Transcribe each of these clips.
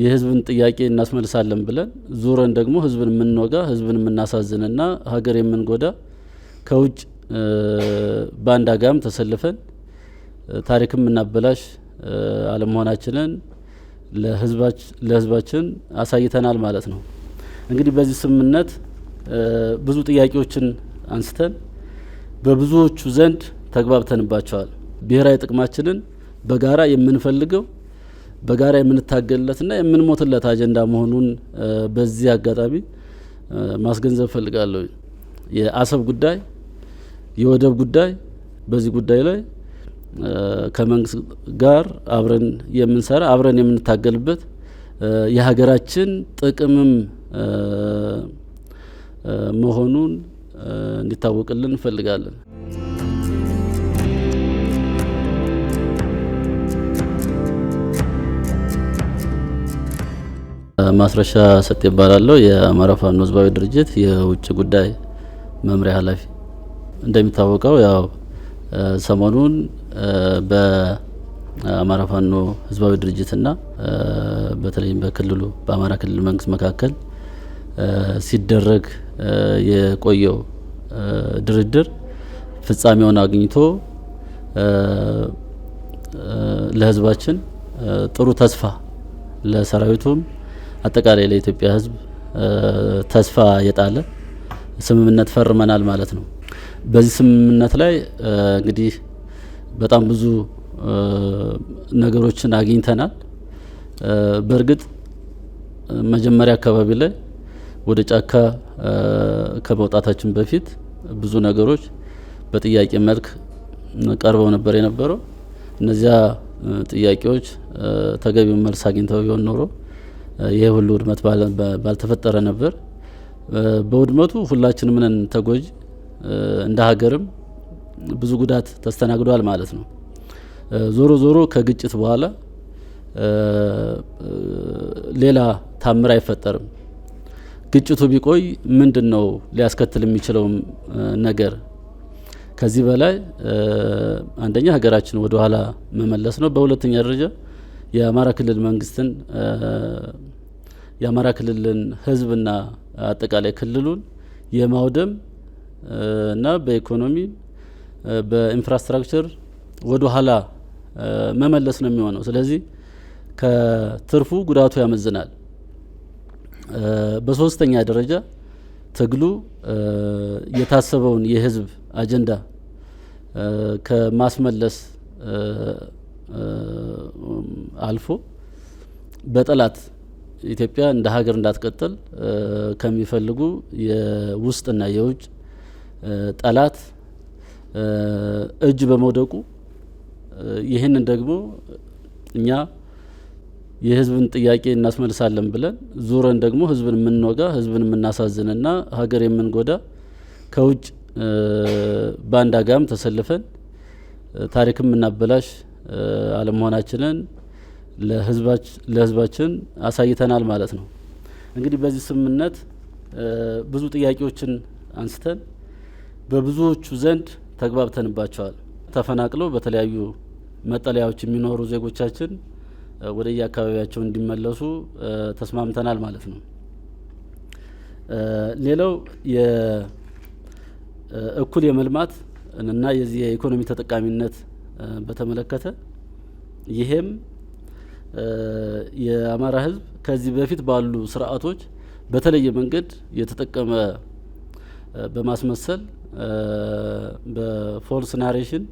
የህዝብን ጥያቄ እናስመልሳለን ብለን ዙረን ደግሞ ህዝብን የምንወጋ ህዝብን የምናሳዝንና ሀገር የምንጎዳ ከውጭ ባንዳ ጋም ተሰልፈን ታሪክም እናበላሽ አለመሆናችንን ለህዝባችን አሳይተናል ማለት ነው። እንግዲህ በዚህ ስምምነት ብዙ ጥያቄዎችን አንስተን በብዙዎቹ ዘንድ ተግባብተንባቸዋል። ብሔራዊ ጥቅማችንን በጋራ የምንፈልገው በጋራ የምንታገልለትና የምንሞትለት አጀንዳ መሆኑን በዚህ አጋጣሚ ማስገንዘብ ፈልጋለሁ። የአሰብ ጉዳይ፣ የወደብ ጉዳይ በዚህ ጉዳይ ላይ ከመንግስት ጋር አብረን የምንሰራ አብረን የምንታገልበት የሀገራችን ጥቅምም መሆኑን እንዲታወቅልን እንፈልጋለን። ማስረሻ ሰጥ ይባላለሁ። የአማራ ፋኖ ህዝባዊ ድርጅት የውጭ ጉዳይ መምሪያ ኃላፊ። እንደሚታወቀው ያው ሰሞኑን በአማራ ፋኖ ህዝባዊ ድርጅትና በተለይም በክልሉ በአማራ ክልል መንግስት መካከል ሲደረግ የቆየው ድርድር ፍጻሜውን አግኝቶ ለህዝባችን ጥሩ ተስፋ ለሰራዊቱም አጠቃላይ ለኢትዮጵያ ህዝብ ተስፋ የጣለ ስምምነት ፈርመናል ማለት ነው። በዚህ ስምምነት ላይ እንግዲህ በጣም ብዙ ነገሮችን አግኝተናል። በእርግጥ መጀመሪያ አካባቢ ላይ ወደ ጫካ ከመውጣታችን በፊት ብዙ ነገሮች በጥያቄ መልክ ቀርበው ነበር የነበረው። እነዚያ ጥያቄዎች ተገቢውን መልስ አግኝተው ቢሆን ኖረው ይህ ሁሉ ውድመት ባልተፈጠረ ነበር። በውድመቱ ሁላችንም ነን ተጎጂ፣ እንደ ሀገርም ብዙ ጉዳት ተስተናግዷል ማለት ነው። ዞሮ ዞሮ ከግጭት በኋላ ሌላ ታምር አይፈጠርም። ግጭቱ ቢቆይ ምንድን ነው ሊያስከትል የሚችለው ነገር? ከዚህ በላይ አንደኛ ሀገራችን ወደኋላ መመለስ ነው። በሁለተኛ ደረጃ የአማራ ክልል መንግስትን የአማራ ክልልን ህዝብና አጠቃላይ ክልሉን የማውደም እና በኢኮኖሚ በኢንፍራስትራክቸር ወደ ኋላ መመለስ ነው የሚሆነው። ስለዚህ ከትርፉ ጉዳቱ ያመዝናል። በሶስተኛ ደረጃ ትግሉ የታሰበውን የህዝብ አጀንዳ ከማስመለስ አልፎ በጠላት ኢትዮጵያ እንደ ሀገር እንዳትቀጥል ከሚፈልጉ የውስጥና የውጭ ጠላት እጅ በመውደቁ ይህንን ደግሞ እኛ የህዝብን ጥያቄ እናስመልሳለን ብለን ዙረን ደግሞ ህዝብን የምንወጋ ህዝብን የምናሳዝንና ሀገር የምንጎዳ ከውጭ ባንዳ ጋም ተሰልፈን ታሪክም እናበላሽ አለመሆናችንን ለህዝባችን አሳይተናል ማለት ነው። እንግዲህ በዚህ ስምምነት ብዙ ጥያቄዎችን አንስተን በብዙዎቹ ዘንድ ተግባብተንባቸዋል። ተፈናቅለው በተለያዩ መጠለያዎች የሚኖሩ ዜጎቻችን ወደ የአካባቢያቸው እንዲመለሱ ተስማምተናል ማለት ነው። ሌላው የእኩል የመልማት እና የዚህ የኢኮኖሚ ተጠቃሚነት በተመለከተ ይሄም የአማራ ህዝብ ከዚህ በፊት ባሉ ስርዓቶች በተለየ መንገድ የተጠቀመ በማስመሰል በፎልስ ናሬሽን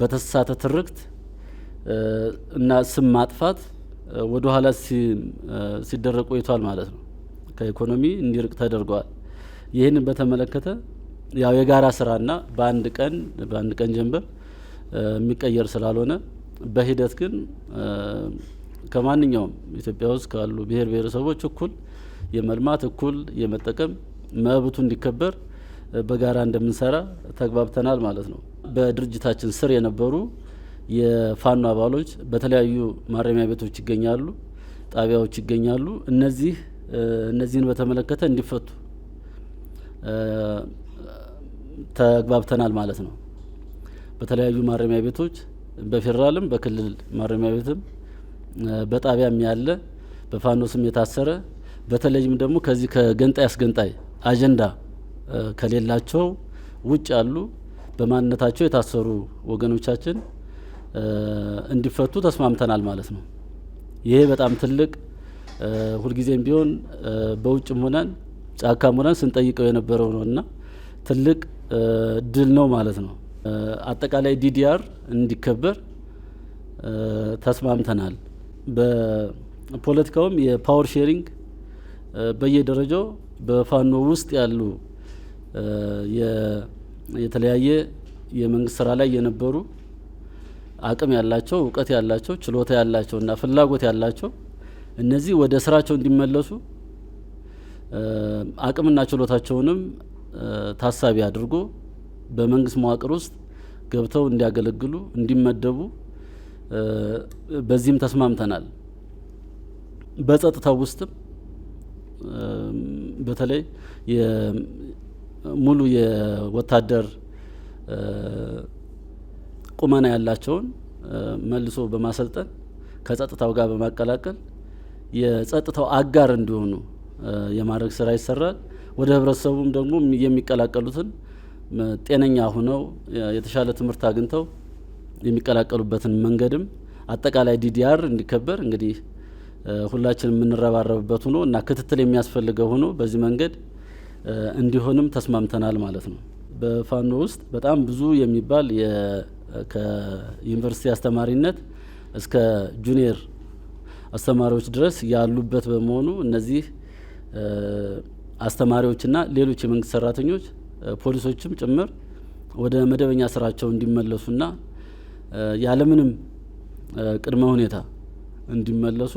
በተሳተ ትርክት እና ስም ማጥፋት ወደ ኋላ ሲደረግ ቆይቷል ማለት ነው። ከኢኮኖሚ እንዲርቅ ተደርገዋል። ይህንን በተመለከተ ያው የጋራ ስራና በአንድ ቀን በአንድ ቀን ጀንበር የሚቀየር ስላልሆነ በሂደት ግን ከማንኛውም ኢትዮጵያ ውስጥ ካሉ ብሔር ብሔረሰቦች እኩል የመልማት እኩል የመጠቀም መብቱ እንዲከበር በጋራ እንደምንሰራ ተግባብተናል ማለት ነው። በድርጅታችን ስር የነበሩ የፋኖ አባሎች በተለያዩ ማረሚያ ቤቶች ይገኛሉ፣ ጣቢያዎች ይገኛሉ። እነዚህ እነዚህን በተመለከተ እንዲፈቱ ተግባብተናል ማለት ነው። በተለያዩ ማረሚያ ቤቶች በፌዴራልም በክልል ማረሚያ ቤትም በጣቢያም ያለ በፋኖስም የታሰረ በተለይም ደግሞ ከዚህ ከገንጣይ አስገንጣይ አጀንዳ ከሌላቸው ውጭ ያሉ በማንነታቸው የታሰሩ ወገኖቻችን እንዲፈቱ ተስማምተናል ማለት ነው። ይሄ በጣም ትልቅ ሁልጊዜም ቢሆን በውጭም ሆነን ጫካም ሆነን ስንጠይቀው የነበረው ነው እና ትልቅ ድል ነው ማለት ነው። አጠቃላይ ዲዲአር እንዲከበር ተስማምተናል። በፖለቲካውም የፓወር ሼሪንግ በየደረጃው በፋኖ ውስጥ ያሉ የተለያየ የመንግስት ስራ ላይ የነበሩ አቅም ያላቸው እውቀት ያላቸው ችሎታ ያላቸው እና ፍላጎት ያላቸው እነዚህ ወደ ስራቸው እንዲመለሱ አቅምና ችሎታቸውንም ታሳቢ አድርጎ በመንግስት መዋቅር ውስጥ ገብተው እንዲያገለግሉ እንዲመደቡ በዚህም ተስማምተናል። በጸጥታው ውስጥም በተለይ ሙሉ የወታደር ቁመና ያላቸውን መልሶ በማሰልጠን ከጸጥታው ጋር በማቀላቀል የጸጥታው አጋር እንዲሆኑ የማድረግ ስራ ይሰራል። ወደ ህብረተሰቡም ደግሞ የሚቀላቀሉትን ጤነኛ ሁነው የተሻለ ትምህርት አግኝተው የሚቀላቀሉበትን መንገድም አጠቃላይ ዲዲአር እንዲከበር እንግዲህ ሁላችን የምንረባረብበት ሆኖ እና ክትትል የሚያስፈልገው ሆኖ በዚህ መንገድ እንዲሆንም ተስማምተናል ማለት ነው። በፋኖ ውስጥ በጣም ብዙ የሚባል ከዩኒቨርሲቲ አስተማሪነት እስከ ጁኒየር አስተማሪዎች ድረስ ያሉበት በመሆኑ እነዚህ አስተማሪዎችና ሌሎች የመንግስት ሰራተኞች ፖሊሶችም ጭምር ወደ መደበኛ ስራቸው እንዲመለሱና ያለምንም ቅድመ ሁኔታ እንዲመለሱ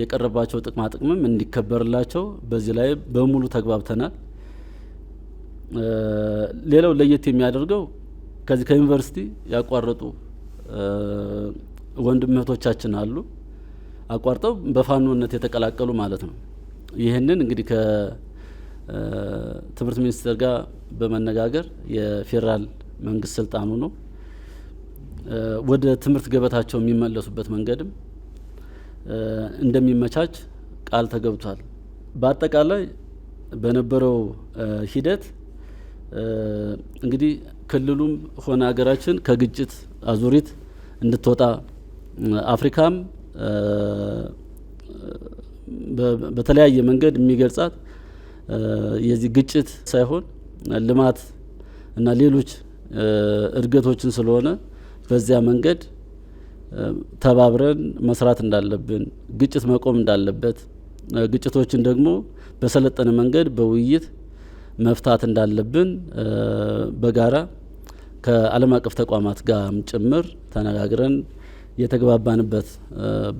የቀረባቸው ጥቅማ ጥቅምም እንዲከበርላቸው በዚህ ላይ በሙሉ ተግባብተናል። ሌላው ለየት የሚያደርገው ከዚህ ከዩኒቨርሲቲ ያቋረጡ ወንድም እህቶቻችን አሉ። አቋርጠው በፋኖነት የተቀላቀሉ ማለት ነው። ይህንን እንግዲህ ትምህርት ሚኒስቴር ጋር በመነጋገር የፌዴራል መንግስት ስልጣኑ ነው ወደ ትምህርት ገበታቸው የሚመለሱበት መንገድም እንደሚመቻች ቃል ተገብቷል። በአጠቃላይ በነበረው ሂደት እንግዲህ ክልሉም ሆነ ሀገራችን ከግጭት አዙሪት እንድትወጣ አፍሪካም በተለያየ መንገድ የሚገልጻት የዚህ ግጭት ሳይሆን ልማት እና ሌሎች እድገቶችን ስለሆነ በዚያ መንገድ ተባብረን መስራት እንዳለብን፣ ግጭት መቆም እንዳለበት፣ ግጭቶችን ደግሞ በሰለጠነ መንገድ በውይይት መፍታት እንዳለብን በጋራ ከዓለም አቀፍ ተቋማት ጋርም ጭምር ተነጋግረን የተግባባንበት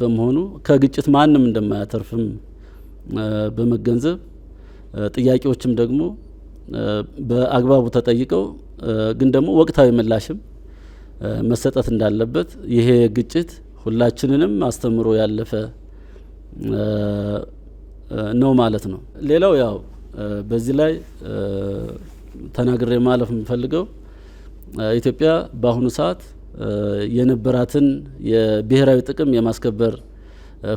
በመሆኑ ከግጭት ማንም እንደማያተርፍም በመገንዘብ ጥያቄዎችም ደግሞ በአግባቡ ተጠይቀው ግን ደግሞ ወቅታዊ ምላሽም መሰጠት እንዳለበት ይሄ ግጭት ሁላችንንም አስተምሮ ያለፈ ነው ማለት ነው። ሌላው ያው በዚህ ላይ ተናግሬ ማለፍ የምፈልገው ኢትዮጵያ በአሁኑ ሰዓት የነበራትን የብሔራዊ ጥቅም የማስከበር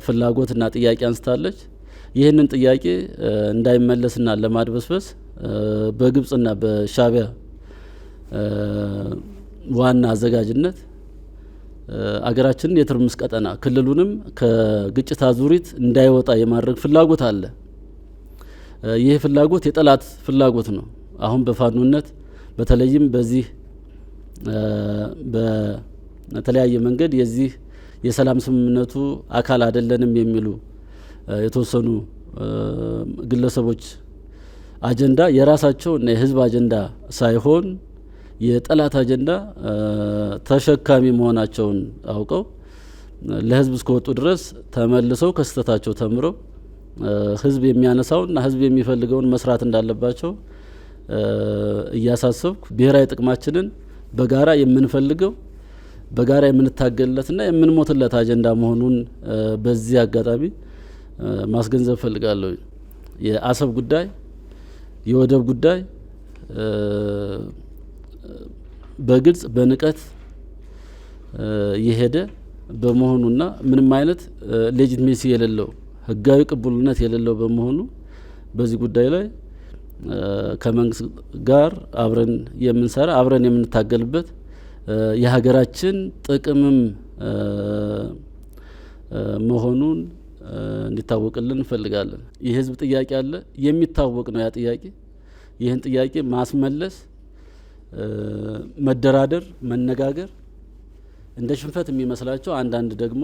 ፍላጎትና ጥያቄ አንስታለች። ይህንን ጥያቄ እንዳይመለስና ለማድበስበስ በግብጽና በሻቢያ ዋና አዘጋጅነት አገራችንን የትርምስ ቀጠና ክልሉንም ከግጭት አዙሪት እንዳይወጣ የማድረግ ፍላጎት አለ። ይህ ፍላጎት የጠላት ፍላጎት ነው። አሁን በፋኖነት በተለይም በዚህ በተለያየ መንገድ የዚህ የሰላም ስምምነቱ አካል አይደለንም የሚሉ የተወሰኑ ግለሰቦች አጀንዳ የራሳቸው እና የህዝብ አጀንዳ ሳይሆን የጠላት አጀንዳ ተሸካሚ መሆናቸውን አውቀው ለህዝብ እስከወጡ ድረስ ተመልሰው ከስህተታቸው ተምረው ህዝብ የሚያነሳውና ህዝብ የሚፈልገውን መስራት እንዳለባቸው እያሳሰብኩ ብሔራዊ ጥቅማችንን በጋራ የምንፈልገው በጋራ የምንታገልለትና የምንሞትለት አጀንዳ መሆኑን በዚህ አጋጣሚ ማስገንዘብ ፈልጋለሁ። የአሰብ ጉዳይ፣ የወደብ ጉዳይ በግልጽ በንቀት የሄደ በመሆኑና ምንም አይነት ሌጂትሜሲ የሌለው ህጋዊ ቅቡልነት የሌለው በመሆኑ በዚህ ጉዳይ ላይ ከመንግስት ጋር አብረን የምንሰራ አብረን የምንታገልበት የሀገራችን ጥቅምም መሆኑን እንዲታወቅልን እንፈልጋለን። የህዝብ ጥያቄ አለ፣ የሚታወቅ ነው ያ ጥያቄ። ይህን ጥያቄ ማስመለስ፣ መደራደር፣ መነጋገር እንደ ሽንፈት የሚመስላቸው አንዳንድ ደግሞ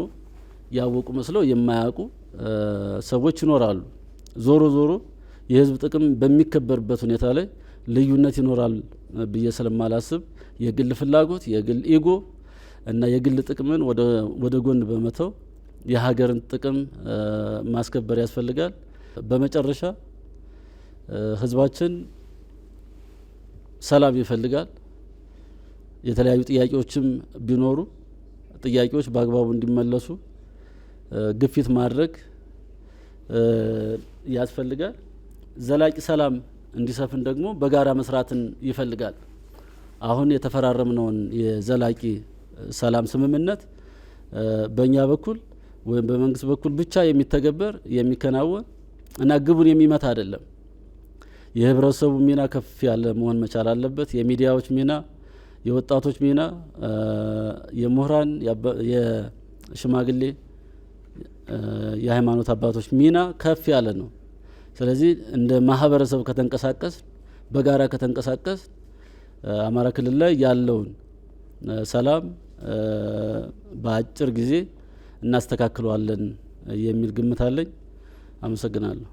ያወቁ መስለው የማያውቁ ሰዎች ይኖራሉ። ዞሮ ዞሮ የህዝብ ጥቅም በሚከበርበት ሁኔታ ላይ ልዩነት ይኖራል ብዬ ስለማላስብ የግል ፍላጎት፣ የግል ኢጎ እና የግል ጥቅምን ወደ ጎን በመተው የሀገርን ጥቅም ማስከበር ያስፈልጋል። በመጨረሻ ህዝባችን ሰላም ይፈልጋል። የተለያዩ ጥያቄዎችም ቢኖሩ ጥያቄዎች በአግባቡ እንዲመለሱ ግፊት ማድረግ ያስፈልጋል። ዘላቂ ሰላም እንዲሰፍን ደግሞ በጋራ መስራትን ይፈልጋል። አሁን የተፈራረምነውን የዘላቂ ሰላም ስምምነት በእኛ በኩል ወይም በመንግስት በኩል ብቻ የሚተገበር የሚከናወን እና ግቡን የሚመታ አይደለም። የህብረተሰቡ ሚና ከፍ ያለ መሆን መቻል አለበት። የሚዲያዎች ሚና፣ የወጣቶች ሚና፣ የምሁራን፣ የሽማግሌ፣ የሃይማኖት አባቶች ሚና ከፍ ያለ ነው። ስለዚህ እንደ ማህበረሰብ ከተንቀሳቀስ በጋራ ከተንቀሳቀስ አማራ ክልል ላይ ያለውን ሰላም በአጭር ጊዜ እናስተካክለዋለን የሚል ግምት አለኝ። አመሰግናለሁ።